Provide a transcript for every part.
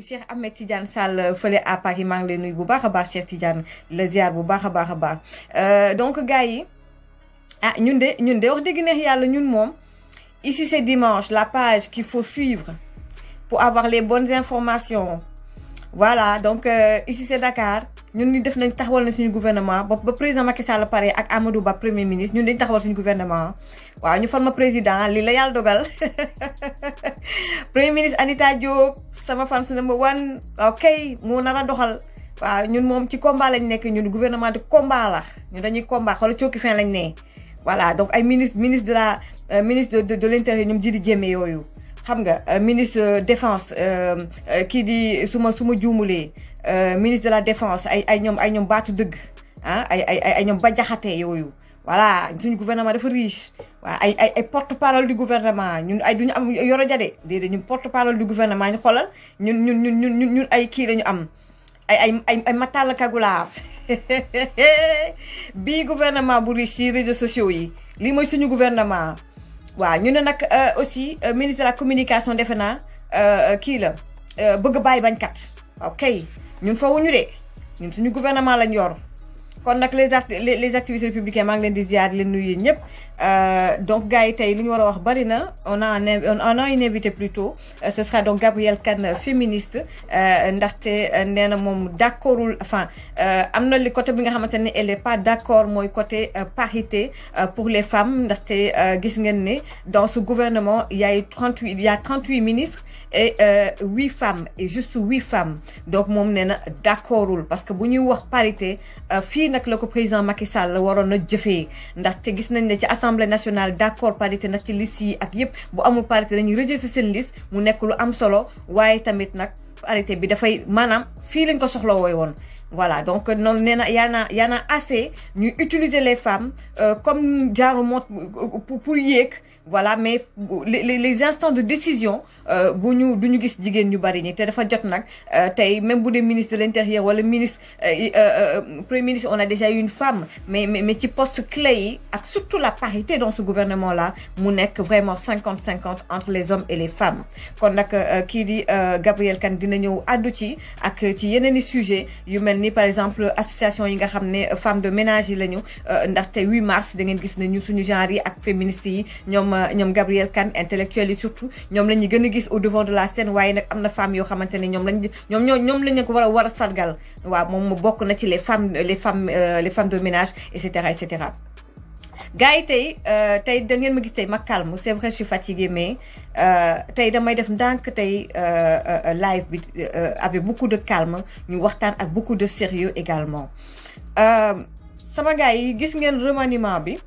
cher Cheikh Ahmed Tidiane Sall feulé à Paris mang nous lay bu baax le Cheikh Tidiane le ziar bu a baax a euh, donc Gaï yi ah ñun de ñun de wax neex ñun ici c'est dimanche la page qu'il faut suivre pour avoir les bonnes informations voilà donc euh, ici c'est Dakar ñun ñu def nañ taxawal suñu gouvernement ba ba président Macky Sall paré ak Amadou Ba premier ministre ñun dañ taxawal suñu gouvernement waaw ñu former président li la Yalla dogal premier ministre Anita Diop sama fans number one ok moo nar doxal waaw ñun moom ci combat lañ nekk ñun gouvernement de combat la ñun dañuy combat xoolal cooki fin lañ ne voilà donc ay ministre ministre de la euh, ministre de de l' intérieur ñoom Djily Diémé yooyu xam nga euh, ministre euh, défense euh, kii di suma suma su euh, ministre de la défense ay ay ñoom ay ñoom baatu dëgg ah ay ay ay ñoom ba jaxate yooyu voilà suñu gouvernement dafa riche waaw ay ay ay porte parole du gouvernement ñun ay ñu am yoro jade déedéet ñu porte parole du gouvernement ñu xoolal ñun ñun ñun ñun ñun ñun ay kii lañu am ay ay ay ay matal kagulaar bii gouvernement bu riche ci réseaux sociaux yi lii mooy suñu gouvernement waaw ñu ne nag euh, aussi euh, ministre de la communication defe naa euh, kii la bëgg bàyyi bañkat waaw kay ñun fawuñu de ñun suñu gouvernement lañ yor kon nag les acti les activités républicains maa ngi leen di ziar leen nuyu ñëpp euh, donc gars yi tey li ñu war a wax bari na on a un on a une invitée plutôt euh, ce sera donc Gabriel Kane féministe euh, ndaxte nee na moom d'accord, enfin am na li côté bi nga xamante ne elle est pas d'accord mooy côté parité pour les femmes ndaxte gis ngeen ne dans ce gouvernement il y a 38 il y a 38 ministres et euh, huit femmes et juste huit femmes donc mon sommes d'accord. parce que nous wax parité euh, le président Macky Sall gis nañ assemblée nationale d'accord parité ci ak bu parité dañuy mu lu am solo tamit parité bi ko voilà donc assez Nous utiliser les femmes euh, comme genre pour pour voilà mais les les instants de décision euh, bu ñu duñu ñu gis jigéen ñu bari ni té dafa jot nag euh, tay même bu dee ministre de l'intérieur wala ministre euh, premier ministre on a déjà eu une femme mais mais mais ci poste clé yi ak surtout la parité dans ce gouvernement là mu nek vraiment 50-50 entre les hommes et les femmes kon nak ki di Gabrielle Kane dina ñeu addu ci ak ci yeneen sujet yu melni par exemple association yi nga xamné femmes de ménage yi la 8 mars da ngeen gis ne ñu suñu genre yi ak féministes yi ñom ñoom Gabriel Kane intellectuel yi surtout ñoom lañu ñu gën a gis au devant de la scène waaye nag am na femmes yoo xamante ne ñoom lañ ñoom ñoo ñoom lañ ko war a war a sargal waaw moom mu bokk na ci les femmes les femmes euh, les femmes de ménage et cetera et cetera. gars yi tey euh, tey da ngeen ma gis tey ma calme c'est vrai je suis fatiguée mais euh, tey damay def ndànk tey live bi avec beaucoup de calme ñu waxtaan ak beaucoup de sérieux également sama gars yi gis ngeen remaniement bi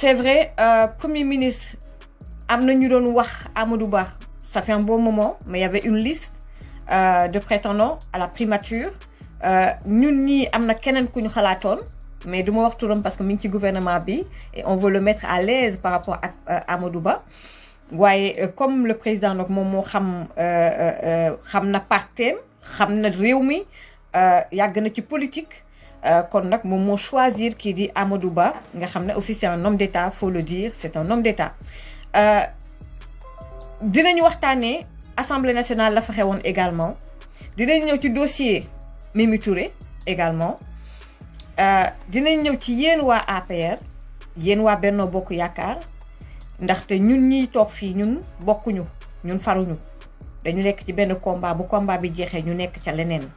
c'est vrai euh, premier ministre am na ñu doon ça fait un bon moment mais il y avait une liste euh, de prétendants à la primature Nous ñii pas de keneen mais mais de ma wax parce que mi ci gouvernement bi et on veut le mettre à l'aise par rapport à euh, Amadou Ouais, comme le président donc, Momo moo xam euh, na il y a une politique. Euh, kon nak moom mo choisir kii di Amadou Ba nga xamné aussi c'est un homme d'État faut le dire c'est un homme d'État euh, dinañu waxtané Assemblée nationale la fa également dinañ ñëw ci dossier Mimi Touré également euh, dinañ ñëw ci yeen wa APR yeen wa Benno Bokk ndax té ñun ñi tok fi ñun ñu ñun ñu dañu nekk ci ben combat bu combat bi jeexee ñu nekk ca leneen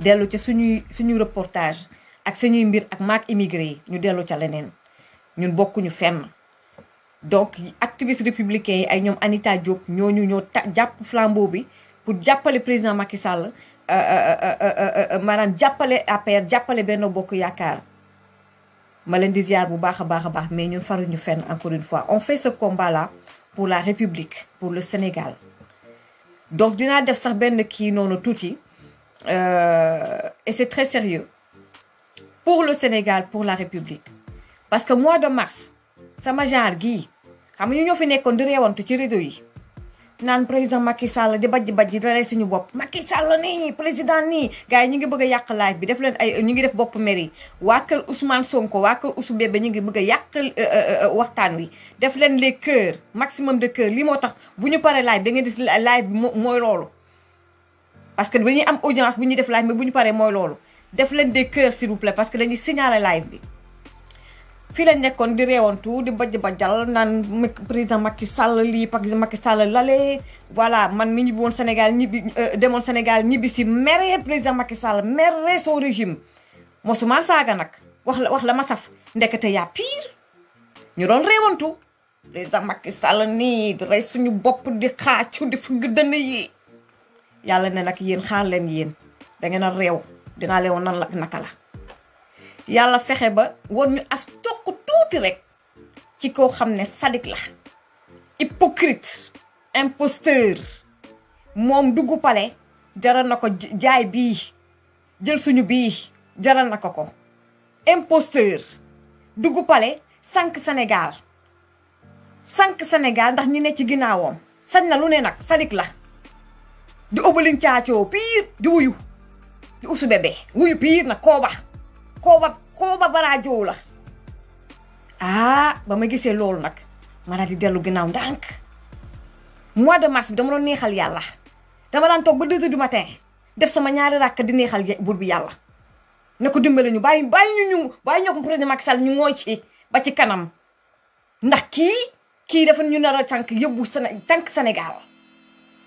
dellu ci suñu suñu reportage ak suñuy mbir ak maak immigré yi ñu dellu ca leneen ñun ñu fenn donc activiste républicain yi ay ñoom Anita Diop ñooñu ñoo ta jàpp flambeau bi pour jàppale président Macky Sall euh, euh, euh, maanaam jàppale APR jàppale benn Bokk Yaakaar ma leen di ziar bu baax a baax a baax mais ñun faruñu fenn encore une fois on fait ce combat là pour la République pour le Sénégal donc dinaa def sax benn kii noonu tuuti et c'est très sérieux pour le Sénégal pour la République parce que mois de mars sama genre gii xam nga ñoo fi nekkoon di reewantu ci réseau yi naan président Macky Sall di bajji bajji rey suñu bop Macky Sall ni président ni gaay ñi ngi bëgg yaq live bi def leen ay ñi ngi def bop mairie wa keur Ousmane Sonko wa keur Ousou Bébé ñi ngi bëgg yaq yàq euh, euh, euh, waxtaan wi def leen les cœurs maximum de cœurs li motax buñu paré live da ngeen gis live moy lolu parce que buñu am audience buñu def live mais buñu paré moy lolu def leen des cœurs s'il vous plaît parce que dañuy signaler live bi fii la nekkoon di reewantu di baj bajal naan président Macky Sall lii président Macky Sall lale voilà man mi ñibbi woon Sénégal ñi bi euh, demoon Sénégal ñi bi si mere président Macky Sall mere son régime mosuma saaga nag wax la wax la ma saf ndekete yaa pire ñu doon reewantu président Macky Sall nii di rey suñu bopp di xaacu di fugg dënn yi yàlla ne nag yéen xaar leen yéen da ngeen a réew dinaa leen woon naka la yàlla fexe ba war ñu as toq tuuti rek ci koo xam ne sadik la hypocrite imposteur moom dugu pale jaral na jaay bii jël suñu bii jaral na ko ko imposteur dugg pale sanq senegal sanq senegal ndax ñi ne ci ginnaawam sañ na lu ne nag sadik la di obalin caacoo piir di wuyu usu bebe wuyu piir na kooba kooba kooba baraajow la ah ba ma gisee loolu nag ma daal di dellu ginnaaw ndànk mois de mars bi dama doon neexal yàlla dama daan toog ba deux heures du matin def sama ñaari rakk di neexal buur bi yàlla ne ko dimbale ñu bàyyi bàyyi ñu ñu bàyyi ñoo ko président Macky ñu mooy ci ba ci kanam ndax kii kii dafa ñu nara a tànk yóbbu Séné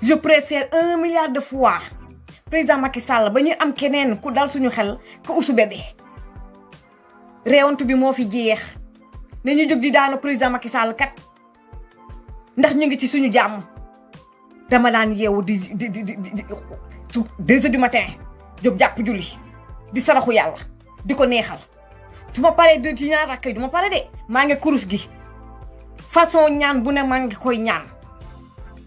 je préfère un milliard de fois président Macky Sall ba ñuy am keneen ku dal suñu xel ku usu bébé réewantu bi mo fi jeex nañu jog di daanu président Macky Sall kat ndax ñu ngi ci suñu jamm dama daan yewu di di di di su deux heures du matin jog japp julli di saraxu yalla di neexal su ma paree de ci rakay duma paré dé ma nga kurus gi façon ñaan bu ne ma nga koy ñaan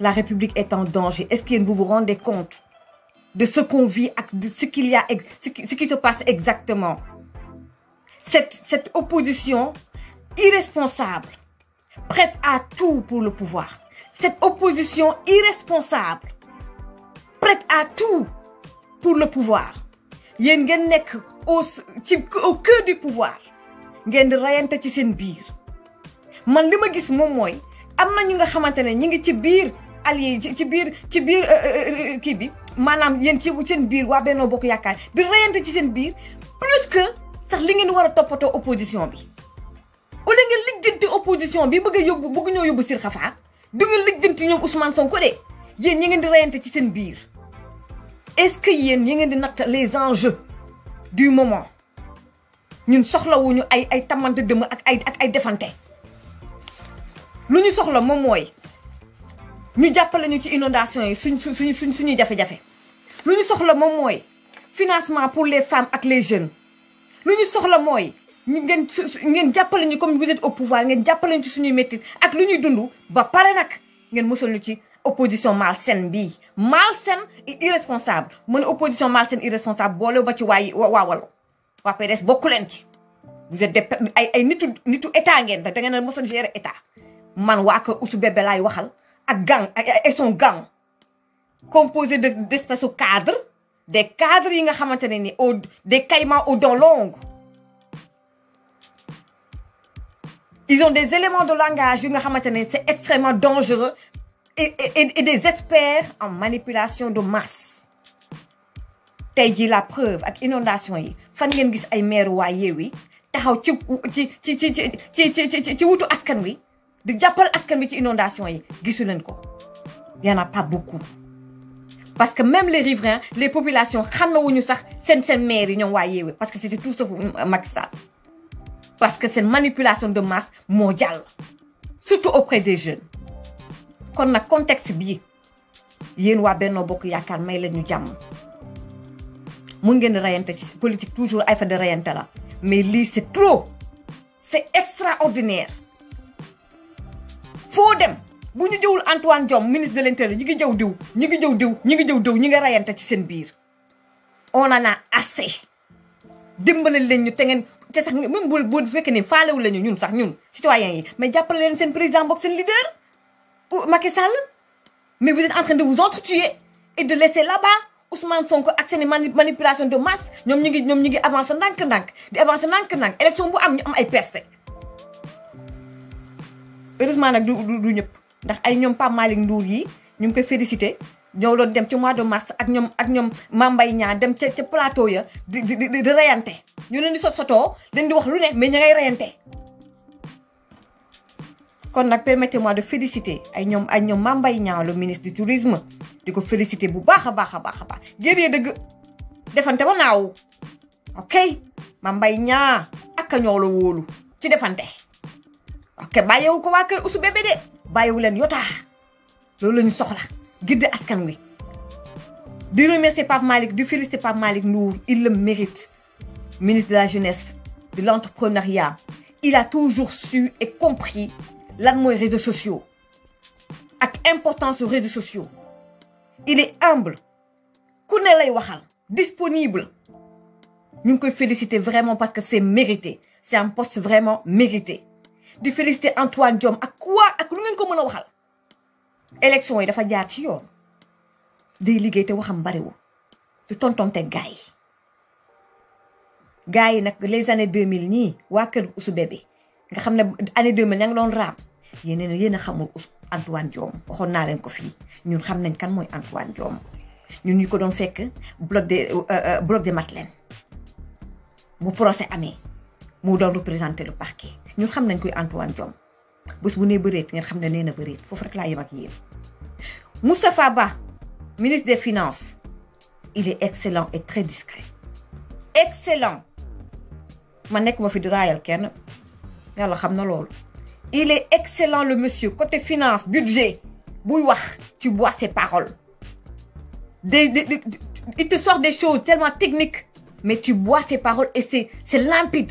la république est en danger est-ce que vous vous rendez compte de ce qu'on vit de ce qu'il y a ce qui se passe exactement cette cette opposition irresponsable prête à tout pour le pouvoir cette opposition irresponsable prête à tout pour le pouvoir yeen ngeen nek au au cœur du pouvoir ngeen rayante ci sen biir man li ma gis moom mooy am na ñu nga xamante ne ñu ngi ci biir alliés ci biir ci biir euh, euh, euh, kii bi maanaam yéen ci seen biir waa Benno Bokk Yaakaar di reyante ci seen biir plus que sax li ngeen war a toppatoo opposition bi. wala ngeen lijjanti opposition bi bëgg a yóbbu bëgg ñoo yóbbu sir xafaa du ngeen lijjanti ñoom Ousmane Sonko de yéen ñi ngi di reyante ci seen biir est-ce que yéen ñi ngeen di natt les enjeux du moment ñun soxlawuñu ay ay tamante dëmm ak ay ak ay defante. luñu soxla mom moy ñu jappalé ñu ci inondation yi suñ suñ suñ jafé jafé luñu soxla mom moy financement pour les femmes ak les jeunes luñu soxla moy ñu ngeen ngeen jappalé ñu comme vous êtes au pouvoir ngeen jappalé ñu ci suñu métti ak luñu ñuy ba paré nak ngeen musal ñu ci opposition malsaine bi malsaine et irresponsable mu opposition malsaine irresponsable boole ba ci way wa waawalo wa PDS bokku len ci vous êtes des ay ay nitu nitu état ngeen da ngeen a gérer état man usubebela kër Ousou waxal gang et son gang composé de d'espèces cadre des cadres yi nga au des caïmans aux dents longues ils ont des éléments de langage c'est extrêmement dangereux et, des experts en manipulation de masse They la preuve Avec inondation yi fan ngeen gis ay wa taxaw ci de jàppal askan bi ci inondation yi gisu len ko y en a pas beaucoup parce que même les riverains les populations xamewuñu sax sen sen maire yi ñoom waa parce que c'était tout sauf Macky Sall parce que c'est manipulation de masse mondiale surtout auprès des jeunes kon nag contexte bi yeen wa Benno Bokk yakar may leen ñu jàmm mun ngeen rayante ci politique toujours ay fa de rayante la mais li c'est trop c'est extraordinaire foo dem bu ñu jëwul Antoine Diome ministre de l'intérieur ñi ngi jëw diw ñi ngi jëw diw ñi ngi jëw diw ñi nga rayante ci seen biir on en a assez dimbalal leen ñu te ngeen te sax même bu bu fekkee ne faalewu lañu ñun sax ñun citoyens yi mais jàppale leen seen président boog seen leader Macky Sall mais vous êtes en train de vous entretuer et de laisser là-bas Ousmane Sonko ak seen manipulation de masse ñoom ñu ngi ñoom ñu ngi avancer ndànk-ndànk di avancer ndànk-ndànk élection bu am ñu am ay percées heureusement nak du du ñep ndax ay ñom pam malik Ndour yi ñu ngi koy féliciter ñoo doon dem ci mois de mars ak ñom ak ñom mambay ñaa dem ci ci plateau ya di di di rayanté ñu leen di sot soto dañ di wax lu ne mais ñay rayanté kon nak permettez moi de féliciter ay ñom ay ñom mambay ñaa le ministre du tourisme diko féliciter bu baaxa baaxa baaxa ba baax a baax defante ba naaw ok mambay ñaa ak a ñoo ci defante ke bàyyiwu ko waa kër usu bébé de bàyyiwu soxla gidde askan wi di remercier Pape malik di féliciter Pape Malik, il le mérite ministre de la jeunesse de l'entrepreneuriat il a toujours su et compris lan des réseaux sociaux Avec importance aux réseaux sociaux il est humble Il ne lay disponible Nous ngi koy féliciter vraiment parce que c'est mérité c'est un poste vraiment mérité di félicité Antoine Diom ak quoi ak lu ngeen ko meuna waxal élection yi dafa jaar ci yoon day liggéey té waxam bari du ci gaa yi gaay yi les années 2000 ni wa keur usu bébé nga xamné années année 2000 ña ngi doon raam yéen a yéen a xamul Antoine Diom waxon na leen ko fi ñun xam nañ kan moy Antoine Diom ñun ñu ko doon fekk bloc de euh, euh, bloc de Madeleine bu procès amé mu doon représenter le parquet ñun xam nañ koy Antoine diom bés bu nee bëreet ngeen xam ne nee na bëreet foofu rek laa yem ak yéen. Moustapha Ba ministre des finances il est excellent et très discret excellent fi di kenn il est excellent le monsieur côté finance budget tu bois ses paroles il te sort des choses tellement techniques mais tu bois ses paroles et c'est c'est limpide.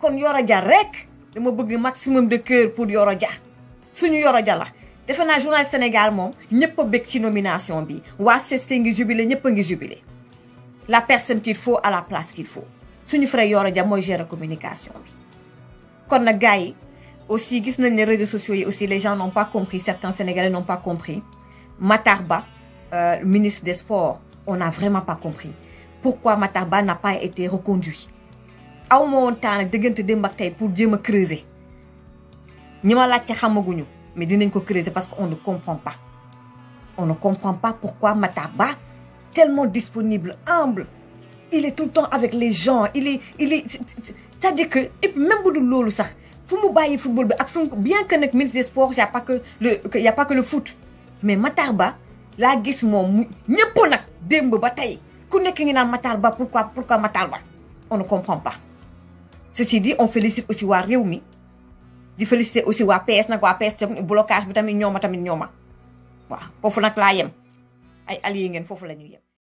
kon Yoro Dia rek dama bëgg maximum de cœur pour Yoro Dia suñu Yoro Dia la defé un journal Sénégal mom ñëpp a bëgg ci nomination bi wa CESTI ngi jubilé ñëpp ngi jubilé la personne qu'il faut à la place qu'il faut suñu frère Yoro Dia mooy gérer communication bi kon la gaay aussi gis nañ ne réseaux sociaux yi aussi les gens n'ont pas compris certains Sénégalais n'ont pas compris Matarba, euh, ministre des sports on n'a vraiment pas compris pourquoi Matarba n'a pas été reconduit au ma woon temps nag diggante pour jéem a creuser ñi ma laajte xamaguñu mais dinañ ko creuser parce que on ne comprend pas on ne comprend pas pourquoi Matarba tellement disponible humble il est tout le temps avec les gens il est il est c'est-à-dire que et puis même bu de loolu sax fu mu bàyyi football bi ak bien que nag ministre des sports y' a pas que le y' a pas que le foot mais Matarba, la laa gis moom mu ñëpp nag démb ba tey ku nekk ngi naan pourquoi pourquoi Matarba on ne comprend pas. ceci dit on félicite aussi waa réew mi di féliciter aussi waa PS nag waa PS tamit blocage bi tamit ñooma tamit ñooma waaw foofu nag laa yem ay alliés ngeen foofu la ñuy yem.